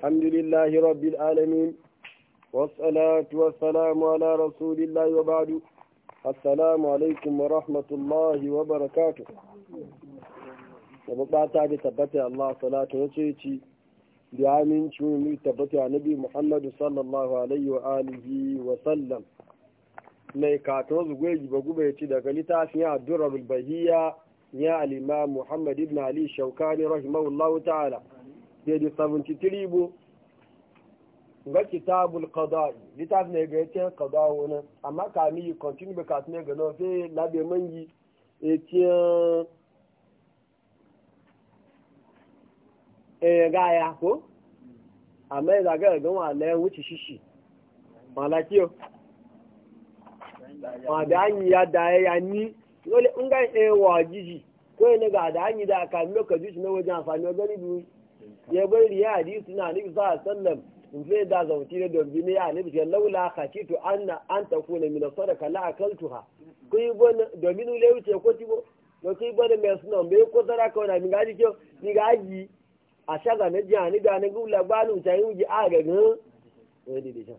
الحمد لله رب العالمين والصلاة والسلام على رسول الله وبعد السلام عليكم ورحمة الله وبركاته وبعد تبت الله صلاة وسيتي بعامين شومي تبت على نبي محمد صلى الله عليه وآله وسلم mai katon zuwa gube ya ci daga littafin ya durar bahiyya ya alima muhammad ibn ali shaukani rahimahullahu ta'ala page 73 bu ga kitabul qada'i litaf ne ga yace qada'i wona amma ka mi continue be ka tune ga no sai labe mangi e yace eh ga ya ko amma da e ga ga wa le shishi ma da ya da ya ni wole unga e wa jiji ko e ne ga da anyi da ka mi ka jiji na wajen ga ni ya bai riya hadisi na nabi sallallahu alaihi wasallam in zai da zauti da dombi ne ya nabi ce laula khashitu anna an takuna min sadaka la akaltuha kuyi bon domin ule wuce ko tibo ko kuyi bon mai suna me ko sadaka na mi gaji ke mi gaji a shaga na jani da na gula balu ta yi wuji a ga wani da shan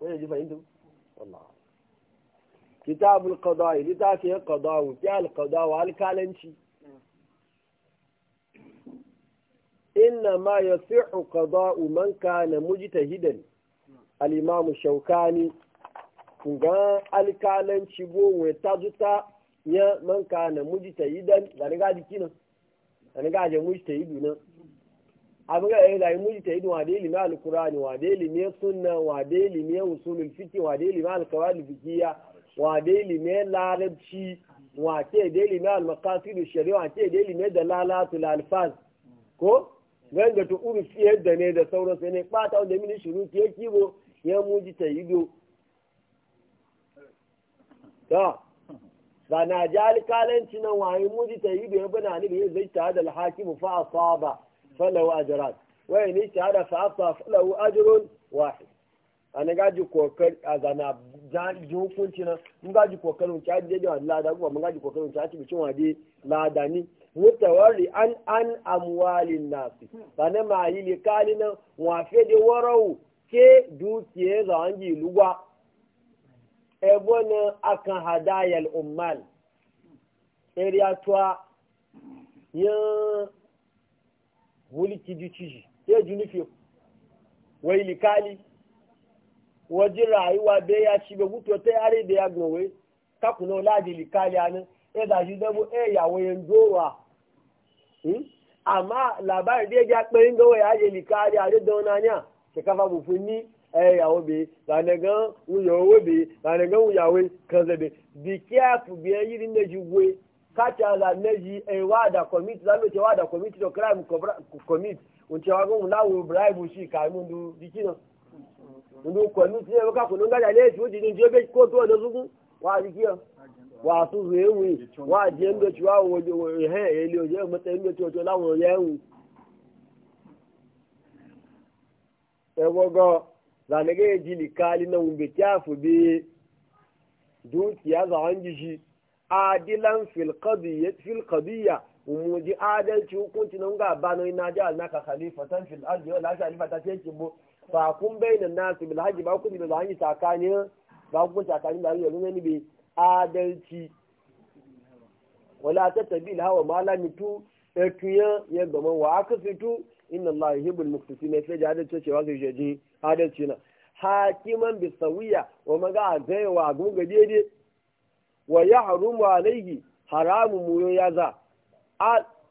wani ji fahimtu wallahi kitabul qada'i litafi qada'u fi al qada'u al kalanci inna ma ya sihu qada'u man kana mujtahidan al-imam shaukani ga alkalanci bo we tazuta ya man kana mujtahidan da ni gaji kinan da ni gaji mujtahidu nan abin ga yayin da yi mujtahidu wa da ilimi al-qur'ani wa da ilimi sunna wa da ilimi usulul fiqh wa da ilimi al-qawaid wa da ilimi larabci wa da ilimi al-maqasid shari'a wa da ilimi dalalatul alfaz ko ganga to fiye yadda ne da sauran sai ne bata wanda mini shiru ya kibo ya muji ta yi do ta ba na ji alkalanci nan wani muji ta yi do ya bana ni bai zai ta da alhakimu fa ba falahu ajran wani ne ta da fa asaba falahu ajrun wahid a na gaji kokar a zana ji hukunci na mun gaji wuce a ajiye da lada kuma mun gaji wuce a ajiye cin waje lada ni mutawari an an amwalin nasi sane ma yi le kali na wafe fe de warau ke dukiye za an ji lugwa ebo na akan hadayal ummal area twa yan wuli ji ciji ji nufi wai likali wajen rayuwa bai ya ci bai gutu ta yare da ya gnowe kakunan ladi likaliya e nan ya zashi zama e yawo yin dowa hmm? amma labarin da ya ja kperin gawa ya je likaliya da daunaniya ta kafa bufin ni e yawo bai zanagan wuyawo bai zanagan wuyawo kan zabe e crime shi kai mundu nínú pẹ̀lú tí ẹ̀rọ kàkùnú gàdà lé ètò òjì ní tí ó bẹ́ kó tó ọ̀dọ́ sunkún wà á di kí ọ wà á tún rèé wì wà á jẹ́ ńdọ̀tí wà wò wò hẹ́ èlé òjò ẹ̀rọ mọ́tẹ́ ńdọ̀tí ọjọ́ láwọn ọ̀yẹ́ ẹ̀wù. ẹ̀wọ́gọ́ lànàgẹ́ èjì nìkaalí náà wùgbẹ̀ tí àfò bí dúkìá adilan filkadiyya umuji adalci hukunci nan ga banoyi na jihar ce fa kun bayyana nasu bil haji ba ku da hanyar tsakanin ba ku tsakanin da yanzu ne bi adalci wala tatabi hawa ma la mitu etuya ya gama wa aka inna allahi yuhibbul muqsitin sai da adalci cewa su jeji adalci na hakiman bi sawiya wa maga zai wa gunga daidai wa yahrumu alayhi haramu mu ya za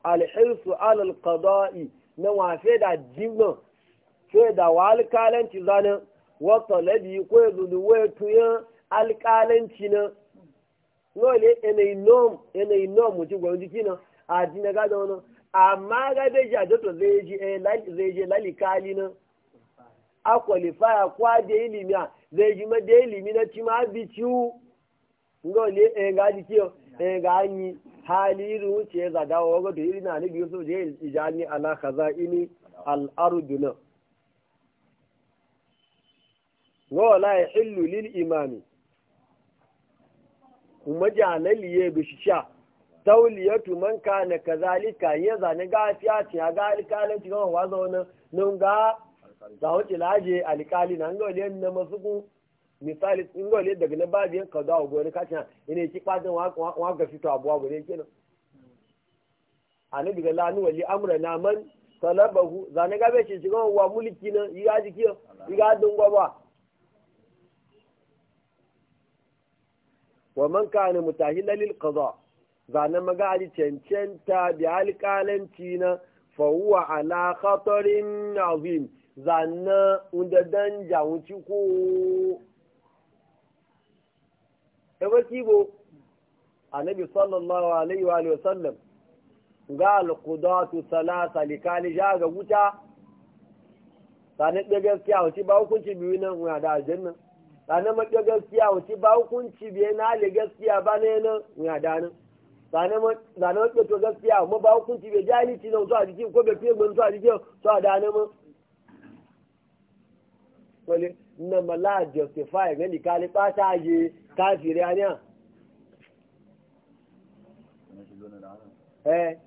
al hirsu ala al qada'i na wafe da jimma? sai da wa alƙalanci zanen wata labi ko ya zuzu waya tuyan alƙalanci na lole yanayi nom yanayi nom mutum gwamnati jiki na a jina gada wani amma ga bai ji a jato zai je eh, lalikali na a kwalifaya kwa da ilimi a zai ji ma da ilimi na ci ma bi ciwu lole yan eh, ga jiki yan eh, ga hanyi hali irin wuce ya zada wa wago da irin na nabi yusuf da ya ijani ala kaza ini al'aruduna wa la ya yahillu lil imami kuma jalali ya bi sha tauliyatu man kana kazalika ya zani gafiya ce ya ga alƙalin cikin wa zauna nan ga za wuce laje alƙali na ngole na masu ku misali ga ngole daga na babu yan kaza wa gore kacin ina ki fadin wa ga fito abuwa gore kenan annabi ga lanu wali amrana man talabahu ni gabe shi cikin wa mulki na yi ga jikiyo yi ga dungwa ba wa man kana mutahilan lil qada zana magaji cancanta bi alƙalanci na fa huwa ala khatarin azim zana unda dan jawuci ko waki e bo annabi sallallahu alaihi wa alihi wasallam ga alqudatu salasa likali jaga wuta sanin da gaskiya wuce ba hukunci biyu nan wuya da aljanna ba na maɗe gaskiya wace ba hukunci biye na ale gaskiya ba na yana ya danu ba na maɗe to gaskiya ma ba hukunci biye jahilci na wasu a jikin ko bai fiye gbanu a jikin su a dana ma wale na mala justify gani kali ɓata je kafiri a niya eh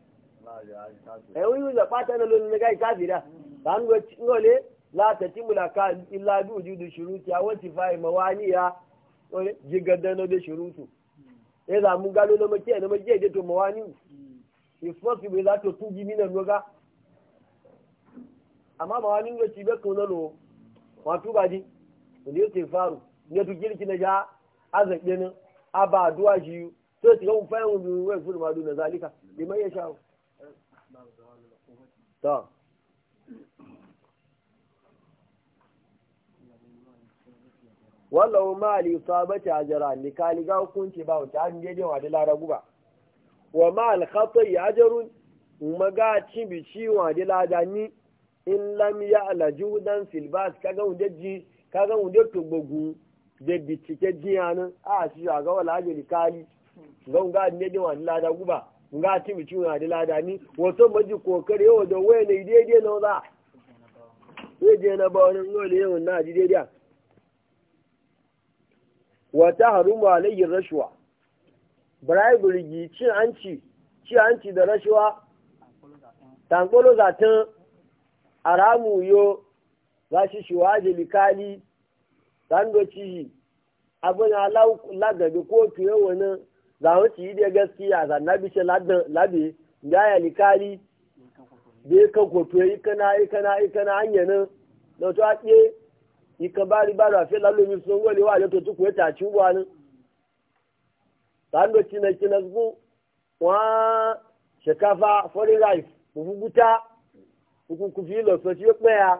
eh wani yi zaɓata na lullu na gai kafira ba an gole la ta ti mulaka illa bi wujudu shuruti a wati fa'i mawaniya jigadano da shurutu ya hmm. za mu galo na makiya na makiya da to mawani hmm. ifosi bai za to tun gini na noga amma mawani ga ci bai kuna no wato ba di wanda ya ce faru ne na a wani ma walau ma li sabati ajran ni kali ga hukunci ba wata an je wa da laragu ba wa ma al khata'i ajrun ga ci bi ci wa da ladani in lam ya ala judan fil bas kaga unde ji kaga unde to gbogu de bitike jiyan a shi ga wala ajri kali ga unga ne da wa da ladagu ba unga ci bi ci wa da ladani wato maji kokare yau da waye ne daidai na za sai je na ba wani ngoli yau na ji dai wata harumu alayhi rashwa bribery gi cin hanci cin hanci da rashwa tankolo zatin aramu yo za shi shi waje likali sando ciji abin lagabe ko fiye wani zawon ci da gaskiya za na bishe labe ya ya likali bai ka kan kwato ikana ikana ikana hanyar nan da to a ikan bá rí bá rà fẹ́ lálómi sun owó ìléwà lẹ́tọ̀ tó kù ẹ̀ tà tún wà ní. tàǹdò tìǹtìǹtì fún wọn ṣèkáfà foreign rice òfúgúta òkùnkùn fi lọ tí ó pẹ́ ya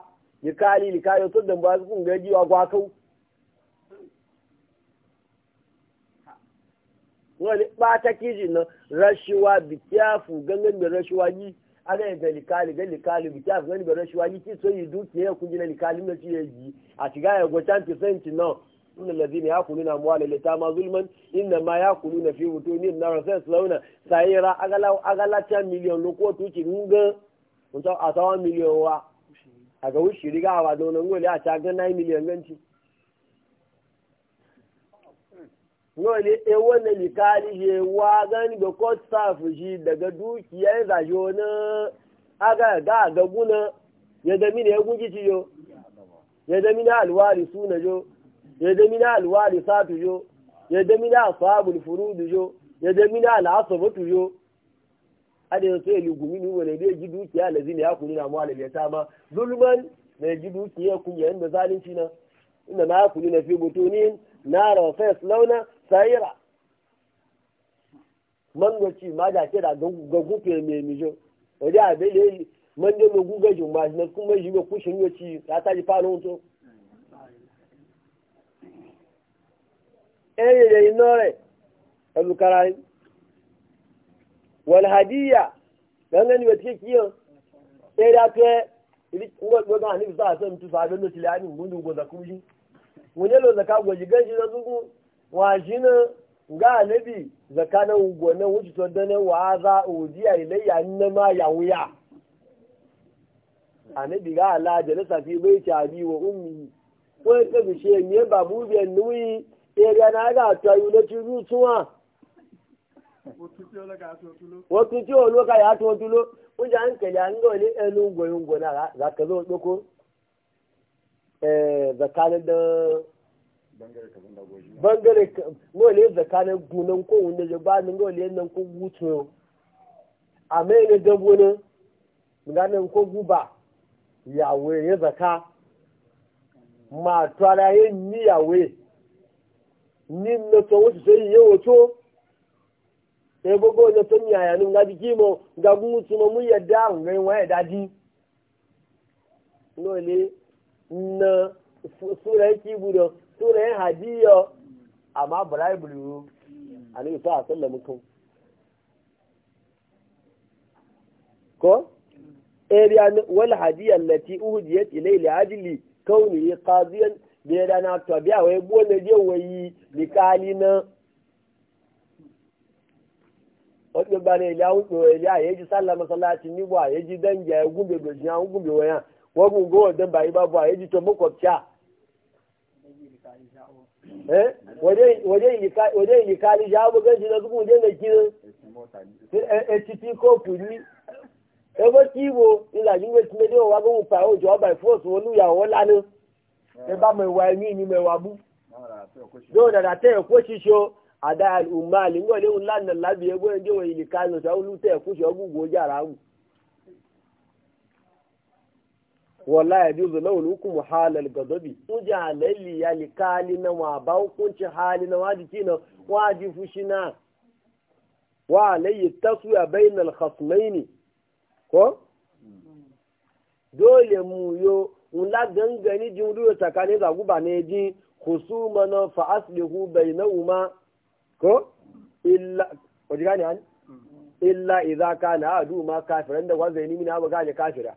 ìkáàlì ìkáyọ tó dẹ̀mbọ̀ fún ìgbẹ́jì ọgbà kó. wọ́n ní pátákì jìnnà rashiwa bìtíàfù gángan mi yìí. aga ga likali ga likali bi ta gani bare shi waji ti so yi dukiya kun jina likali na ci yaji a tiga ya go tanti senti no inna alladhina yakuluna amwala litama zulman inna ma yakuluna fi butuni nar sayaslawna sayira agala agala ta million lo ko tuci nga mun ta asawa miliyon wa aga wushi riga wa don ngole a ta ga 9 million ganci nawa e wannan likali je wa gan ga court staff shi daga dukiyar zaje wani aga ga ga guna ya zami ne ya gungi ci yo ya zami na alwari suna jo ya zami na alwari satu jo ya zami na asabul furudu jo ya zami na al'asabatu jo ada yanzu ya lugumi ni wani bai ji dukiya lazi ne ya kuni na mu ta ma zulman na ji dukiya kun yayin da zalunci na inda na kuni na fi butunin na rawa fes launa sayira mangoci ma da ce da gagu ke mai mijo wajen abin da yi man da mu guga jin ma na kuma shi ga kushin yoci ya ta ji fara hoto ɗaya eh, da yi nore abu karayi wal hadiya dan gani wata kiyo ɗaya eh, da ke ngo ga hanif za a san tufa abin da tilani mun dugo zakuri wani lo zaka gwaji ganshi na zugu na ga nabi zakana ugonan wuce to dane wa za udiya ilayya annama ya wuya anabi ga ala jalasa fi bai ta bi wo ummi ko ka bishe babu be nui area na ga ta yu na ti rutuwa wotu ti ka ya to tulo o ja nke ya ngo le elu goyungo na za ka zo doko eh zakana bangare ngole zakane gunan ko wanda je ba ni ngole nan ko a ame ne dabo ne ngane ko guba yawe ya zaka ma tara yin ni yawe ni na to wuce sai yi wato to e gogo na to ga biki mo ga ngabu mo mu ya da ngai wa ya daji ngole na sura yake budo sura yin hadiyo amma bala bulu a ne ta sallar mutum ko area wal hadiyar lati uhudiyat ilai li ajili kauni qadiyan bi dana to biya na bone je wayi likali na ọdún bá ní ilé àwọn ìpè ilé àyè jí sálà mọ́sálásí níbo àyè jí dẹ́njẹ́ gúnbẹ̀ gbèsè àwọn gúnbẹ̀ wọ̀nyà wọ́n go gún ọ̀dẹ́n bàyí bá bọ̀ àyè jí tó mọ́kọ̀ waje ilikali jawo ganci na zuku wajen da kiri htp kofi ni ẹgbẹ́ tí ìwò ìlàjú wẹ̀ tí méjì wà gbọ́n pa òjò ọba ìfọ́sùn olúyàwó lánàá ẹ bá mọ ìwà ẹ̀yìn ni mọ ìwà bú yóò dàdà tẹ ẹ̀kọ́ ṣíṣọ àdá ìmọ̀ àlè ńgọ̀lẹ́hùn lánàá lábì ẹgbẹ́ ẹ̀jẹ̀ wọ̀ ìlìkanu sọ olùtẹ̀ ẹ̀kúṣọ́ gbogbo ojà rà wala ya juzu laulu hukumu halal gazabi kuja lalli ya kali na wa ba hukunci hali na wajiki na waji fushi na wa alayyi taswiya bainal khasmaini ko dole mu yo nla gangani jin ruwa tsakanin zaguba ne jin husuma na fa aslihu bainahuma ko illa wajika ne an mm. illa idza kana adu ma kafiran da wazai ni mina ba ga kafira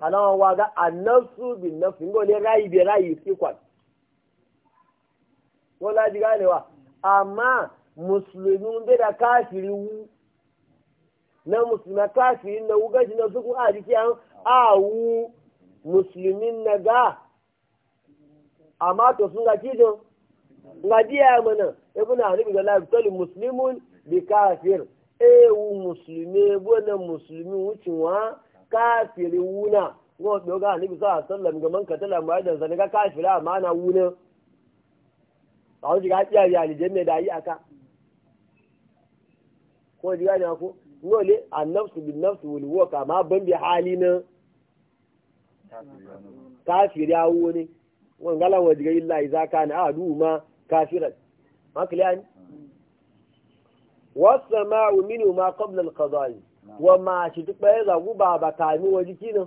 alawa waga annasu bin nafsi ngo le rai bi rai fi kwat wala diga ne wa amma musulmin bai da kafiri wu na musulma kafiri na wuga na suku a jiki an a wu musulmin na ga amma to sun ga kido ga diya mana ibn arabi ga lafi tali muslimun bi kafir e wu musulmi ebo na musulmi wucin wa kafiri wuna ngo do ga ni bisa sallam ga man katala ma da zane ga kafira na wuna awu ji ga tiya ya ni jenne da yi aka ko ji ga ni ko ngo le annafsu bin nafsu wal waka ma ban bi halina kafiri ya wuni ngo ngala wa ji ga illa iza kana adu ma kafiran ma kiliyan hmm. minhu ma qabla al القضاء wọ́n máa ṣètúpẹ́ ìràgúbà bàtà ní wọ́n jí kíná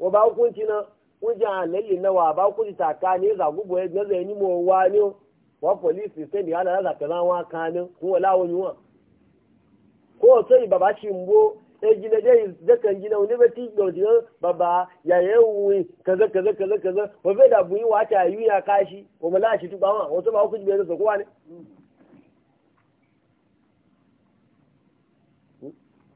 wọ́n bá kún tí náà wọ́n jẹ́ àlẹ́lẹ̀ náà wà bá kún ti tàka ní ìràgúbà ẹgbẹ́sẹ̀ ní mo wá ní o wọ́n pọ̀líìsì sẹ́ni alára kẹlá wọn kan ní kún wọn láwọn ni wọn. kó o sọ yìí bàbá ṣì ń bó ejina dé ìdẹ́kẹ̀ jìnnà oníbẹ̀ tí ya yi bàbá yàyẹ̀ wùwìn kẹsẹ̀ kẹsẹ̀ kẹsẹ̀ kẹsẹ̀ wọ́n fẹ́ dàbò yín wàá tẹ àyíwìn àkáṣí òmùlá àṣìtúpa wọn àwọn tó bá kún ti bẹ̀rẹ̀ sọ̀kọ́ wa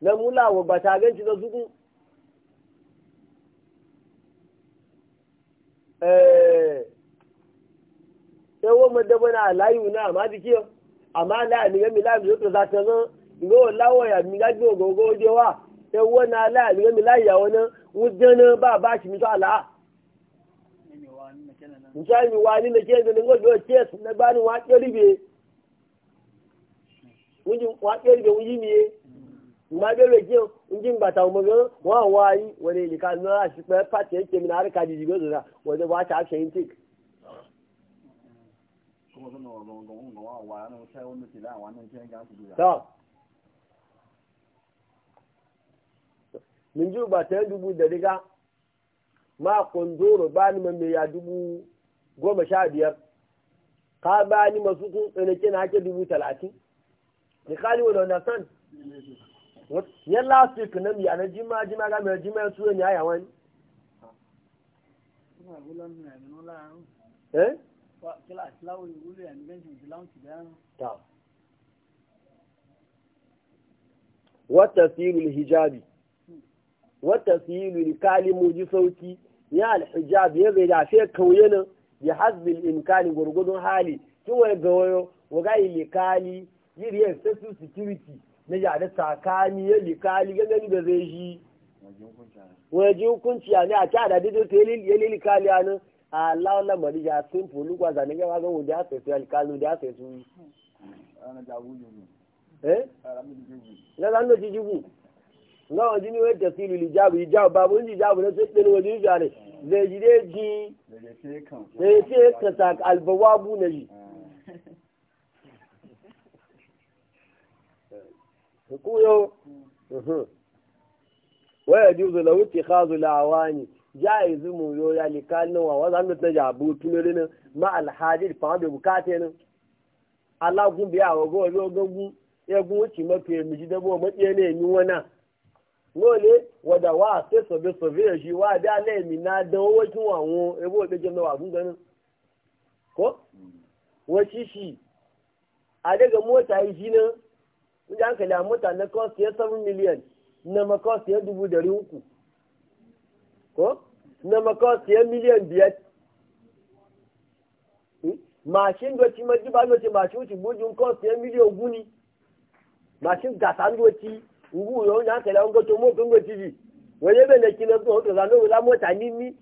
na mulawa wa ba ta ganci na zuku eh yawo madaba na layu na ma jiki amma la ni ga mila mi to za ta zo ngo lawo ya mi ga gogo je wa yawo na la ni ga mila ya wona wujana ba ba shi mi to ala Njani wani na kenan ngo do ches na bani wa kiribe. Wujin wa kiribe wujin ne. ma bẹ̀rẹ̀ jẹ́ ǹjẹ́ ǹgbàtà ọmọ gan wọ́n àwọn ayé wọ́n àṣìpẹ́ pàtì wọ́n wá ṣe min dubu ma ní ma mẹ́yà dubu goma sha biyar ka bá ní ma sukun tsanake na ake dubu talatin. Ni kali wa san. yẹn last week náà mi àná jimá jimá ká mẹ́rin jimá ẹ̀ ní àyà wọn. ẹ. wata sirul hijabi wata ji sauki ya alhijab ya zai da fe kauye nan bi hazbil imkani gurgudun hali tun wani gawayo wa ga ilikali yiri su security na ja da tsakani ya likali gangani da zai shi waje hukunci ya ne a ta da dido ta ya likali ya nan a lawon lamari ya sun fulu kwa zane gaba zan wuce ya sai su ya likali wuce ya sai su yi eh? na zan doci jigu na wajen yi wata filu lijabu hijabu babu inji hijabu na sai ɗin wajen yi jare zai ji dai ji zai ce ka sa albawabu na yi. hukuyo waya juzu lahu ittikhadhu al-awani jaiz mu yo ya likal no wa zan ta jabu tunere ne ma al-hajir fa be bukate ne alagun bi awo go yo gogun egun uchi mo pe mi jide bo mo tie ne ni wona no wada wa se so be so be wa da le mi na dan owo tun àwọn ewo be je no mm. wa gun gan ko shi shishi adega mota yi jinan mun ji hankali a mota na cost ya 7 miliyan na macost dubu dari uku ko na macost ya miliyan biyar hmm? mashin doci maji ba doci mashin wuce bujin cost ya miliyan guni mashin gasa doci ngu yo na hankali a ngoto mo kan ji waje na kina zuwa hoto zano wula mota nimi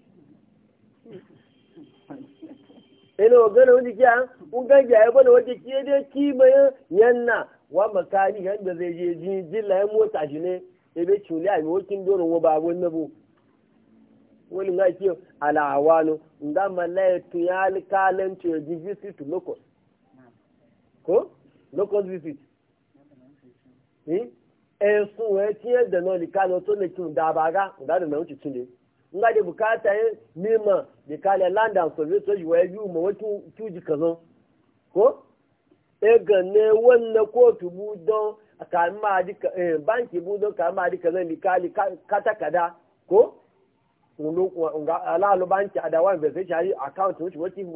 ina wa gana wani kiya un ganja ya bane waje kiye dai kimayen yanna wa makani yadda zai je ji jilla ya mota shi ne ebe cule a miwokin doron wa babu na bu wani nga ke alawano nga malaya tun ya alkalan ce visit to locus ko locus visit ẹ̀sùn ẹ̀ tí ẹ̀ dẹ̀nà ìkàlọ̀ tó lè tún dábàgá ìdádùn náà ó ti tún lè nga da bukata yin mima da kala land and survey yi wa yi mu wakin tuji kazan ko ega ne wannan kotu budon kamin ma ji eh, banki budon ma kata kada ko alalu banki a dawa bai sai shari account wuce wati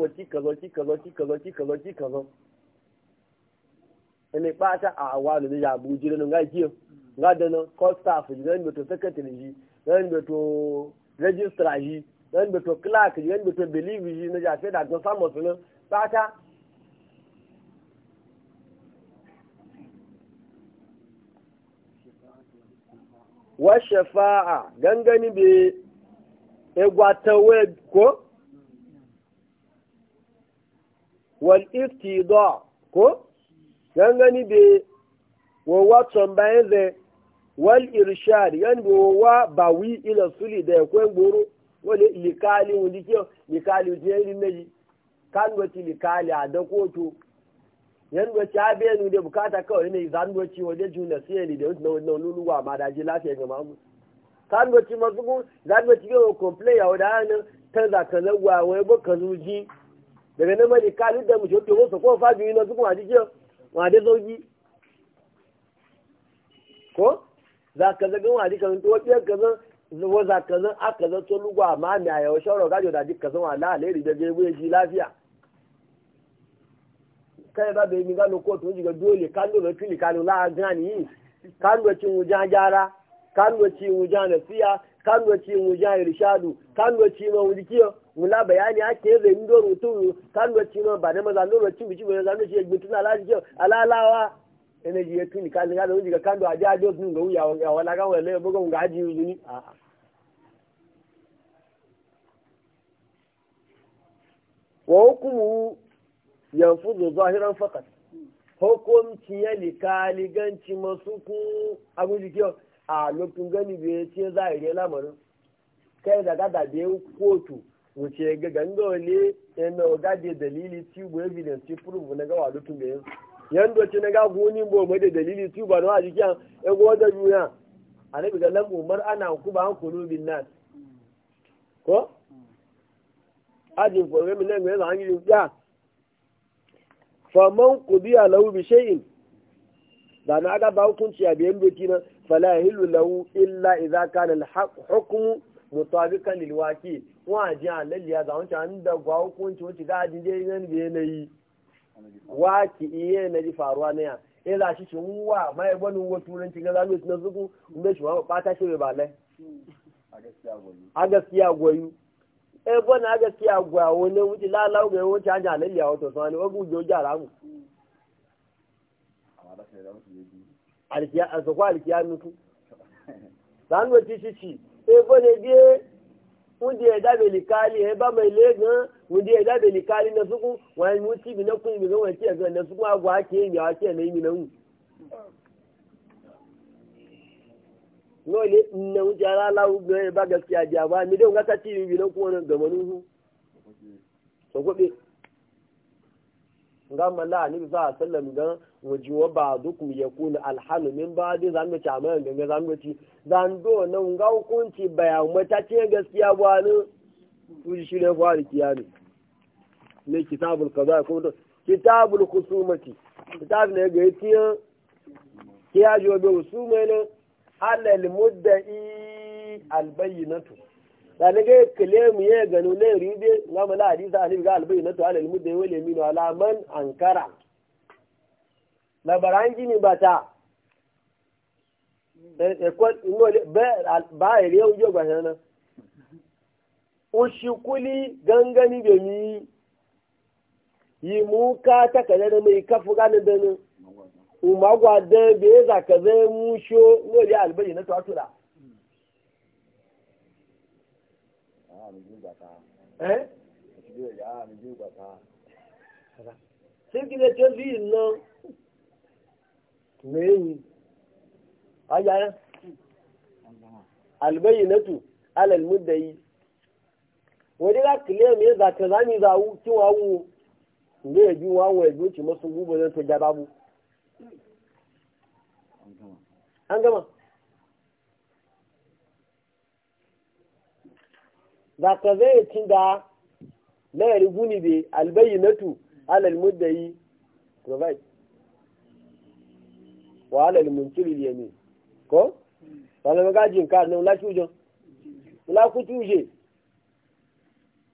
a awalu da ya buji da kiyo da call staff da secretary ji da registrar ji da clerk ji da believe ji na ja sai da ga wa shafa'a gangani be egwatawe ko wal iftida ko gangani be wawa tambayin zai wal irshad yan be wawa bawi ila suli da ekwen gboro wani likali wujike likali wujike rin meji kan wati likali a da kotu yan doci abenu ah, da bukata kawai ne zan doci waje juna siya da yanzu na wannan luluwa ma da ji lafiya ga mamu kan doci masu kun zan doci ga wa komple ya wada hannun ta zakalar wa wai ba ka zuji daga nan mai ka duk da mu shoke wasu ko fabi yi na su kuma jikin ma da ko za ka zaga ka zan za ka zan aka zan ma mai a yau shawarar gajo da jikin zan wa la'alai da ji lafiya kai ba bai mi gano kotu ji ga dole kando na tuli kano la gani kando ci mu jajara kando ci mu jana siya kando ci mu jana irshadu kando ci ma wuri kiyo mula bayani ake zai ndo rutu kando ci ma ba na maza ndo ci kiyo alalawa ene ji ga wuri ga aja ajo sun ga wala ga wala ga wa hukumu yanfudu zahiran fakat hukunci ya likaliganci masu kun abin jikin a lokacin gani bai ce za a iya lamarin kai da gada da kotu wuce ga ganga wale yana gade dalili tubu evidence ti prove na gawa lokacin da yin yanda ce na ga goni bo mai da dalili tubu na jikin ya gowa da duniya a nabi ga lamu mar ana hukuma an kulubin nas ko ajin for women language an yi ya faman qudiya lahu bi shay'in da na ga ba hukunci a biyan doki na fala hilu lahu illa idza kana al hukmu mutabiqan lil waqi wa ji alalliya da wancan an da gwa hukunci wancan ga ji dai nan bi yanayi waqi iye na ji faruwa ne ya eh shi shi shin wa mai gwanin wa turanci ga zalu na zuku inda shi ba ta shi ba lai a gaskiya goyu ebo na a gwa wani wuce lalau ga wuce hanya lalliya wato sani wa gujo ala mu alkiya an sako alkiya sanu ti shi shi ebo ne die wundi ya e, dabe likali e ba ile legan wundi ya e, dabe likali na suku wani mutu bi na kun na suku agwa a na e, na no le na wuce ala lawu ga ba gaskiya ja ba mi dai ngata ti bi na ko nan gama nuhu so gobe ga mala ni za sallam ga ji wa ba duk mu yakun alhanu min ba dai zan mace amma ga ga zan mace zan do nan ga hukunci bayan mata ce gaskiya ba ne ku shi ne ba kiyani ne kitabul qada ko kitabul khusumati kitab ne ga tiyan kiyajo be usumene alal mudda'i albayyinatu da ne ga kile mu ya gano ne ribe ga mala hadisa an ga albayyinatu alal mudda'i wale min ala man ankara barangi ni bata e, e ko no ba ba ile o jo gba o shukuli gangani da mi yi muka ta kada mai kafu ganin da ni. umagwa da bai zaka zai musho lori albayi na tatula sai gina ta fi nan meyi ajiyar albayi na tu da yi. wani ga kile mai zaka zami zawu kiwawu ne ya ji wawo ya ji wuce masu gubo zai ta jababu an gama Za ka zai cin da na yari guni be albayi na tu alal yi provide wa alal liya ne. ko Ba wala magajin ka wula ki ujo. Wula ku uje.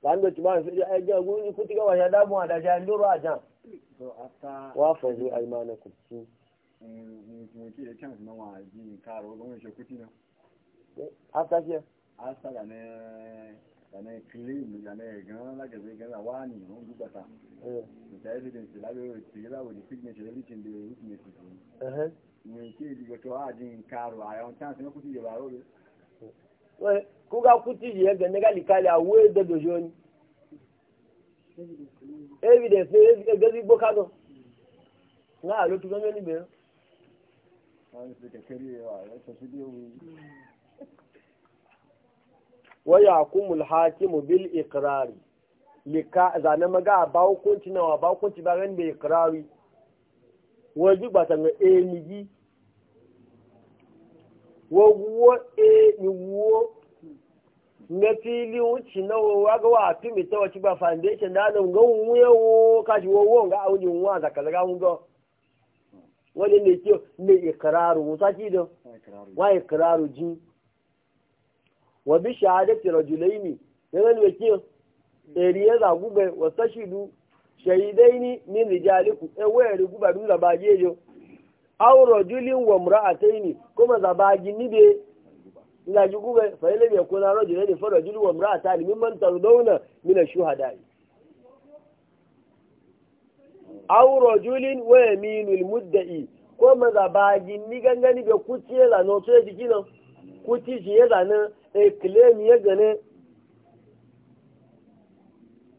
ba an ndo ti ma fi ai ga guni ku ti ga ya da mu da ja ndoro a jan wafazu after after da ne da ne da ne gan la zai gan wa ni mun duba ta eh da evidence la ga la eh ne ke di go to karo chance ne ba ro we ku ga ga ne ga likali awe da evidence ne gazi waya kumul hakimu bil ikrari lika zane maga ba hukunci nawa ba hukunci ba ran bai ikrari waji ba tanga e miji wo wo e ni wo nga fili wuci na wa ga wa fi mi ta wace ba foundation da nan ga wuya wu ka ji wo wo ga auji wa za ka ga ga wani ne ke ne ikraru wuta ki da wa ikraru ji wa bi shahadati rajulaini yana ne ke eriye za gube wa tashidu shahidaini min rijalikum e waye guba dun da ba je yo aw rajulin wa imra'ataini kuma za ba ni be ina ji kuma fa'in lam yakuna rajulani fa rajulun wa imra'atan aw rajulin wa yaminul mudda'i ko maza ba ni gangani to jiki no ji ya e claim ya gane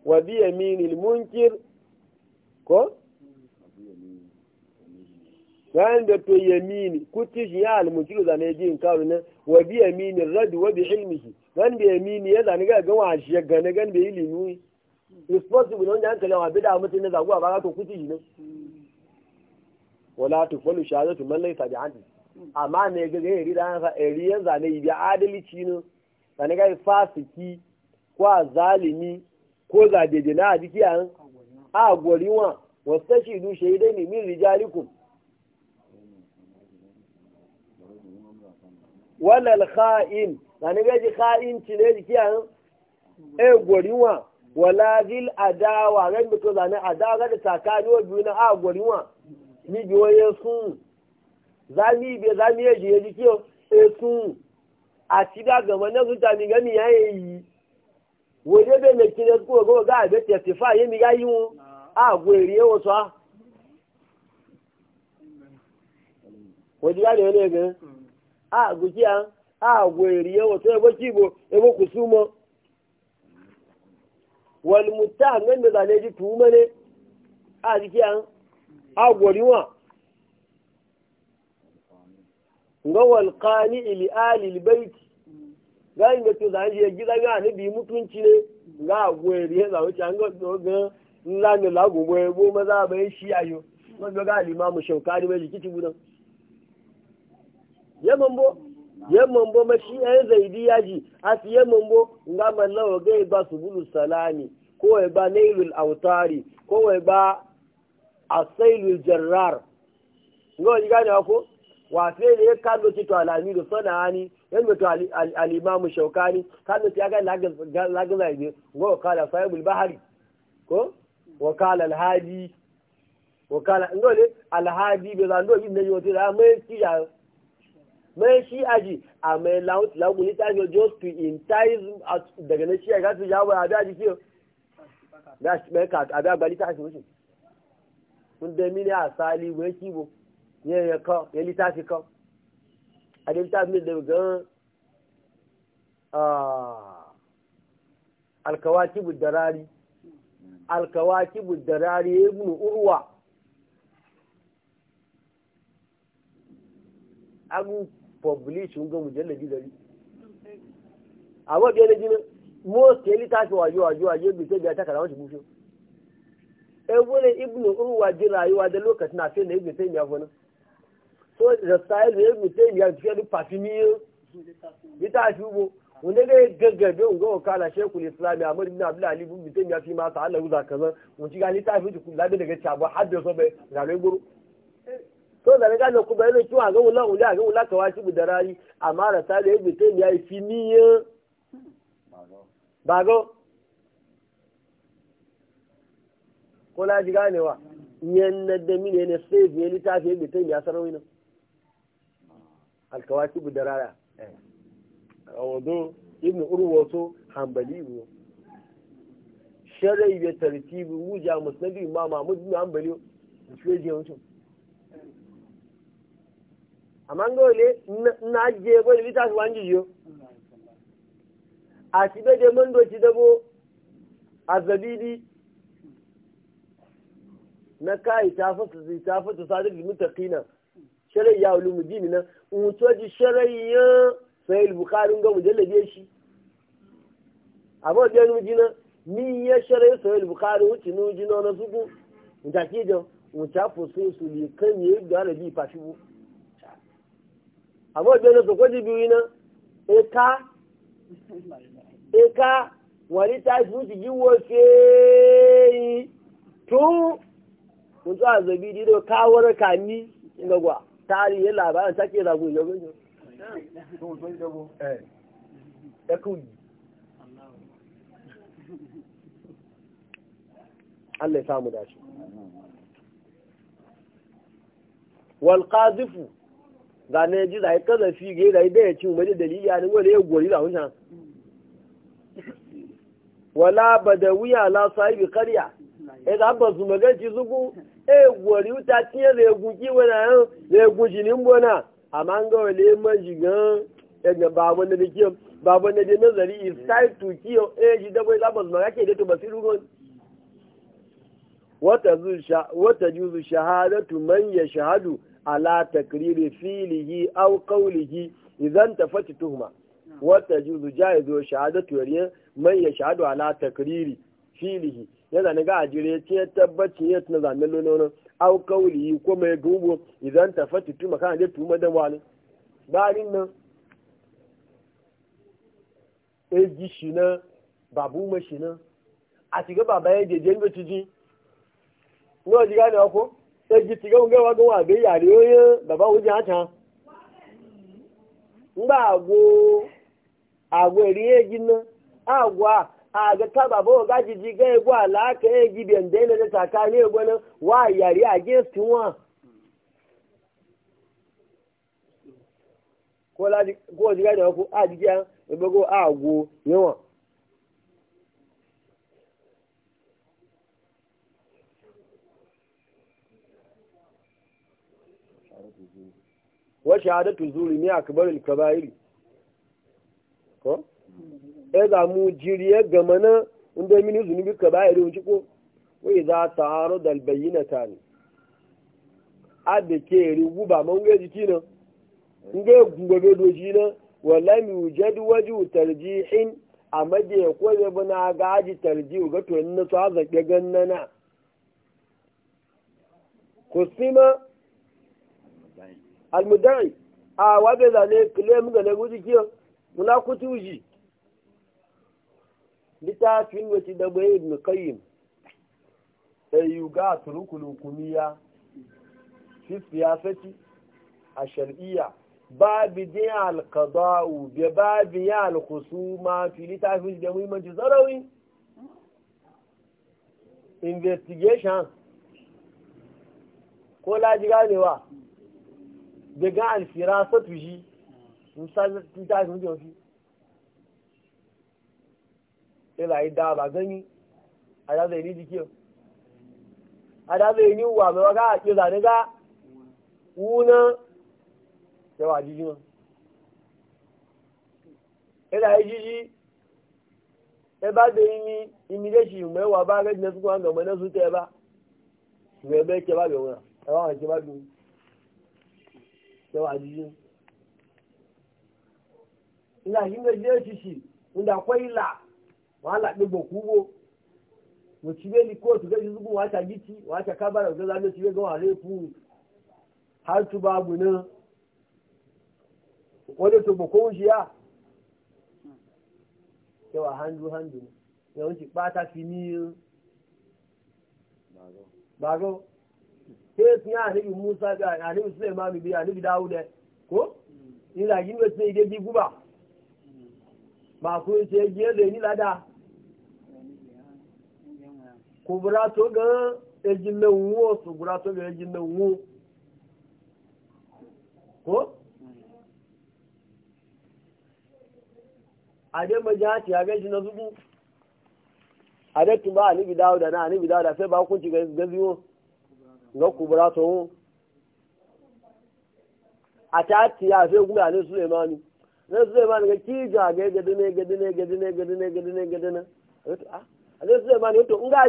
wa bi munkir ko da to ji ya al ne wa bi yamini radu wa bi ilmihi gan bi yamini ya zani ga gawa shi ga ne gan bi ilimi responsible on jan kalawa bi da mutun ne zaguwa ba ka kuti ne wala tufalu shahadatu man laysa bi adli amma ne ga ga yari dan sa yari yan zane bi adalci ne zani ga fasiki ko zalimi ko zadeje na jiki an a goriwa wasu tashidu shaidai ne min rijalikum walal kha'in zane gaji kha'in ci ne jiki an e goriwa wala zil adawa ran bito zane adawa ga da takani wa biyu na a goriwa ni biyo ya sun zami be zami ya je jiki e sun a ti da gama na zuta mi gami ya yi waje be ne kire ko go ga be testify yi mi ga yi won a gweri e wo so a waje ga ne ne ga a guji an a gweri yawa to yabo kibo yabo kusuma wal mutta da zane ji tuma ne a jiki an a gwari wa nga walkani ili ali al ga zane ji gida ga ne bi mutunci ne ga gweri ya na ci nga ga ga nla ne bụ gwo bo maza bai shi ayo mun ga alimamu shaukari yamman bo yamman bo mashi ɗaya zaidi ji a fi yamman bo nawa ga yi ba su bulu salami ko ya ba nailul autari ko ya ba asailul jarrar nga wani gane wako wa fe ne kano ci tito alami do sana ani yan mutu al-imam shaukani kan do ya ga lagaza ne ngo kala sahibul bahari ko wa kala alhadi, hadi wa kala zan do yin yi wata da mai tiya mai shi aji a mai laguni ta yi just to entice daga na shi a gasu jawo ab'i aji fiye da shi mai ka abi gbali ta shi wuce kun da mini a sali wai kibo ya yi kan ya fi kan a da littafi mai daga gan alkawa kibu da rari ya yi urwa agu publish un ga mujalladi dari awo je leji na mo ke li ta so ayo ayo ayo bi te ga ta kara won ti busho e wole ibnu urwa ji rayuwa da lokacin na sai na ibnu taymiya fona so the style ya ibnu taymiya ji da pafimi bi ta shi bo wanda ga gaggabe ga wakala shekul islam ya mari ibn abdul ali ibnu taymiya fi ma ta kaza mun ci ga li ta fi ku labe daga chaba so bai, ga le so da ga ku bai ne kiwa ga wula wula ga wula kawa shi budarari amma da ta da yabi sai yayi finiya bago ko la ji wa yan da mine ne sai ne fi yabi sai ya sarawi ne alkawaki budarara awado ibn urwato hanbali ne sharai ya tartibi wuja musnadu imam mu ibn hanbali shi je wucin àmọ́ ń gbọ́dọ̀ nná jẹ bóyá lítà sí wáńjì yìí o àti bẹ́ẹ̀ mọ́ńdò ti dẹ́gbó àzẹ̀bíbí na káyì tá a fọ́tò ṣẹlẹ̀ ìyá olùmùdíìmì náà òun tó ṣẹlẹ̀ yẹn sẹ́yìn bukari ń gbọ́mùdé lè dé sí àbọ̀ ọ̀dẹ́ ẹnu jiná ní iye ṣẹlẹ̀ sẹ́yìn bukari ó ti ní jiná ọ̀nà sukú ìtàkìjọ òun tá a fò lè kẹ́yìn àbọ̀ ìgbẹ́nu na kọ́jú ibi iná ẹ̀ka ẹ̀ka wọ́n ní táìsì ń tìjú wọ fèèyí tún mutum a dido kawar kami gagwa tarihin labarin take zagu yau yau Allah ya samu dashi. Wal qazifu ga na ji zai kaza fi ga zai da ya ci mai dalili ya ni wani ya gori da hunsa wala badawiya la sahibi qarya e da ba su magan ci zugu e gori ta tiye da egun ki wani yan da egun ji ni mbona amma ga wale ma jigan e ga ba wani da ki ba wani da nazari is time to ki e ji da bai da ba su magan ke da to basiru gon wata zu sha wata juzu shahadatu man yashhadu ala تكرير فيله aw قوله idan tafati tuhuma وتجوز جائز jaizu shahadatu من يشهد ya تكرير فيله takriri filihi yana ne ga ce tabbaci ya tuna zanne lono aw qawlihi ko mai gubo idan tafati tuhuma kana da tuhuma da wani barin nan eji shi na babu mashi na a ko ẹjì tí ó ń gẹ́wà gún wà bí yàrí ó yẹ́ bàbá oúnjẹ àtàn ńgbà àgbo àgbo èrí èjì ná àgbo àgẹ́ká bàbá ọ̀gá jìjì gẹ́ egbò àlàákẹ́ èjì bẹ̀ ǹdẹ́ ilẹ̀ ní tàkà ní egbò náà wà yàrí àjẹ́ sí wọn. wa shahadatu zuri ne akbar al-kaba'ir ko e mu jiriye ga mana inda mini zunubi kaba'ir wuci ko wa ta ta'arud al-bayyinatan ke ri guba man ga jiki na nge gungobe doji na wala mi wujad waju tarjihin amade ko ne bana gaji tarji? ga to na so azake gannana kusima almudai a wabe zane kile mu gane guji kiyo muna kuti uji littafin wati da bai ibn qayyim sai e yuga kunu hukumiya fi siyasati a shar'iyya babu din alqada'u bi babu ya alkhusuma fi fi da muhimmanci zarawi investigation ko ne wa? daga alfira satu shi misalin ta shi mutu sai da yi daba gani a da zai ni jikin a da zai ni wa mai waka a ke zane ga wuna yawa jiji ma sai yi jiji sai ba da yi imi da shi mai wa ba gaji na sukuwa gama na su ta ba mai bai ke ba bai wuna ya ba ke ba biyu sẹ́wà jíjú ńlá yìí méjì èṣìṣì ndị kọ́ ìlà wọ́n á gbogbo kú wo wọ́n ti bẹ́ẹ̀ ní kóòtù gẹ́gẹ́ dúkú wọ́n á ṣàgí tí wọ́n á ṣe kábàrà òjò lánàá ti gbẹ́gbẹ́ wọn àlẹ́ fún fi sai sun yi annabi musa ga annabi suleiman bi annabi dawud ko ni da yin wasu ne dai guba ma ku ce giye da yi lada kubura to ga ejin nan e wo su gura to ga ejin nan e wo ko Ade dai majati ya gaji na zubu a dai tun ba annabi dawud na annabi dawud sai ba hukunci ga gaziwo ga kubura to hun a ta ci a fe gura ne sulemani ne sulemani ga ki ga ga gadi ne gadi ne gadi ne gadi ne gadi ne gadi ne a ne sulemani to in ga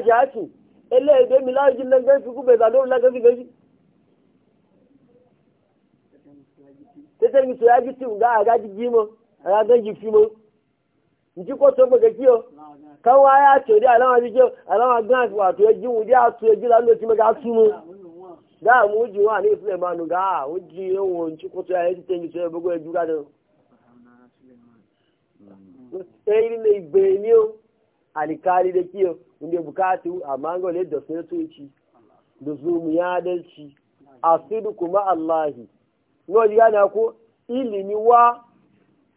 ele ebe mi laji nan ga fi kube zado la ga fi gaji tetan mi so ya aga ga ga ji ji mo ga ji fi mo nci ko to baga kiyo kan waya to da alama bi alama gan wato ya ji wudi a to ya ji lalo ti maga su mu da mu ji wa ni Suleimanu ga wuji yawo nci ko to ya ji e tengi so e e ya bago ya juga da sai ne ibeniyo alikali da kiyo inda bukatu amma ga le da sai to ci da zumu ya dalci asidu kuma Allahi no ji gana ko ilimi wa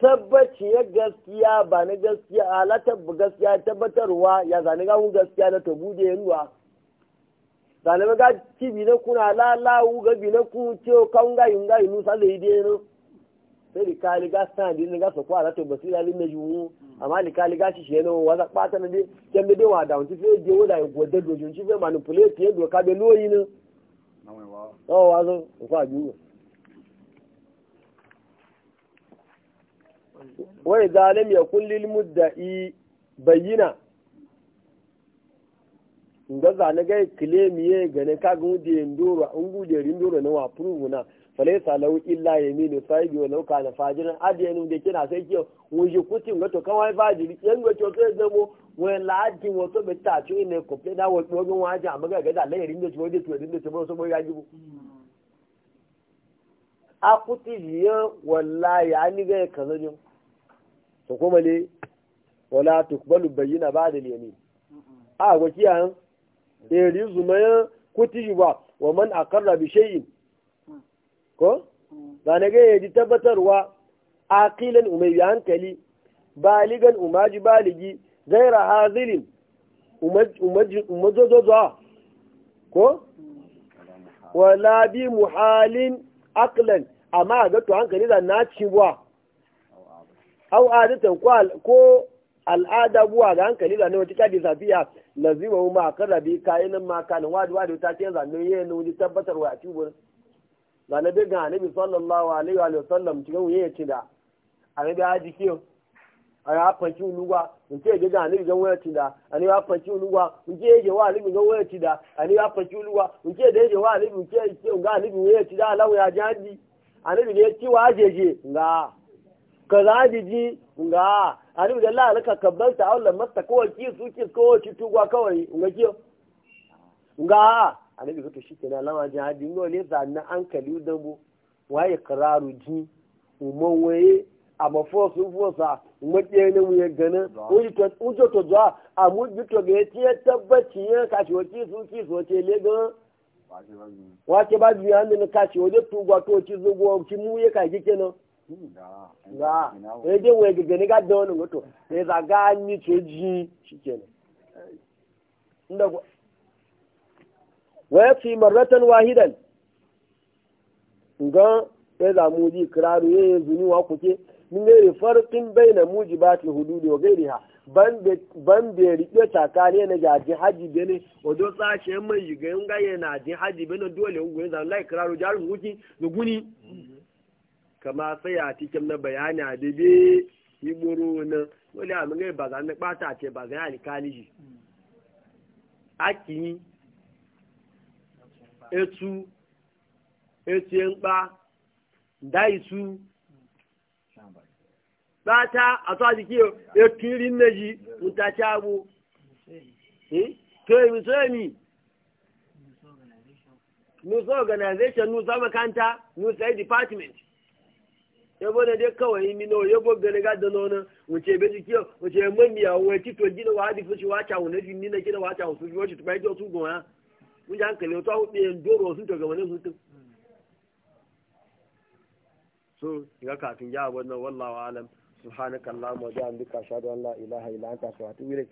tabbaci ya gaskiya ba na gaskiya halatar gaskiya tabbatarwa ya zane gawun gaskiya na ta bude yanuwa zane ga ci bi na kuna lalawu ga bi na kun ce kan ga yin ga yin sa da dai no sai di kali ga san di ga so ko halatar basira lin na yuwu amma di kali ga shi sheno wa za kwata na dai kan dai wa da wanti sai da wala gode dojin shi sai manipulate ya doka be loyi ne oh wazo ko a juwa wai zalim ya kullil mudda'i bayyina nga zane ga claim ye gane ka gun de ndoro an guje rindoro na wa prove na falaysa law illa yaminu sahibi wa law kana fajiran adiyanu de kina sai kiyo wuje kuti ngato kawai fajiri yan gato sai zamo wai ladi wato be ta ci ne ko pe da wo waje ga da lai to so ya akuti jiyan wallahi ani ga kazo jiyan to kuma ne wala tukbalu bayyana ba'da al-yamin a ga kiyan eh rizumaya kuti ba wa man aqarra bi shay'in ko ba ga yaji tabbatarwa aqilan umay bi hankali baligan umaji baligi gaira hazilin umajojojo ko wala bi muhalin aqlan amma ga to hankali da na ciwa au adatan ko al'ada buwa ga hankali da wata kadi safiya lazima mu ma kan rabi kayan ma kan wadi wadi ta ce zane ne nan wani tabbatarwa a cikin zane da daga annabi sallallahu alaihi wa sallam cikin ya ci da annabi haji ke a ya fanci uluwa in ce ga annabi gan wayar ci da ani ya fanci uluwa in ce ga wa annabi gan wayar ci da ani ya fanci uluwa in ce da ga wa annabi in ce ga annabi wayar ci da alawa ya jaji annabi ne ci wa ajeje nga ka za ji ji nga a ni da la ka kabbal ta Allah masta ko ki su ki ko ci tuwa kawai nga ki ga a ni to shi na lama ji hadi ngo ne za na an kali da bu waye kararu ji umman waye a mafosu fosa mutiye ne mu ya gana ujo to zuwa a muji to ga ya tabbaci ya kashi wa kisu su wace so wace ba biyu hannun kashi wa da tugwa to ci zuwa ki mu ya kaji kenan Eh, ga ya wai ga gani da wani ya zaga ni ce ji inda wa marratan wahidan ga ya eh, zamu ji kiraru eh, ya yi zuni wa kuke min gairi farqin baina mujibatil hududi wa gairiha ban da riƙe na haji mai yiga yin gaye na jin haji bene dole ungwe zan lai jarin wuki da guni kama sai a cikin na bayani a daidai yi muru na wani amin gai ba zan kpata ce ba zan yi kaliji aki etu etu yan ba dai su bata a to a jiki etu yi na ji ci abu eh to yi so yi nusa organization nusa makanta nusa department yabo na dai kawai mi no yabo gane ga da nona wuce be jikiyo wuce mami ya wuce tito gina wa di fushi wa cha wona fi ni na gina wa cha su yo ci tubai jo su gon mun kale to hu be ndoro to ga wani su so ga ka ya wannan alam wa bihamdika ashhadu an la ilaha illa anta wa atubu ilaik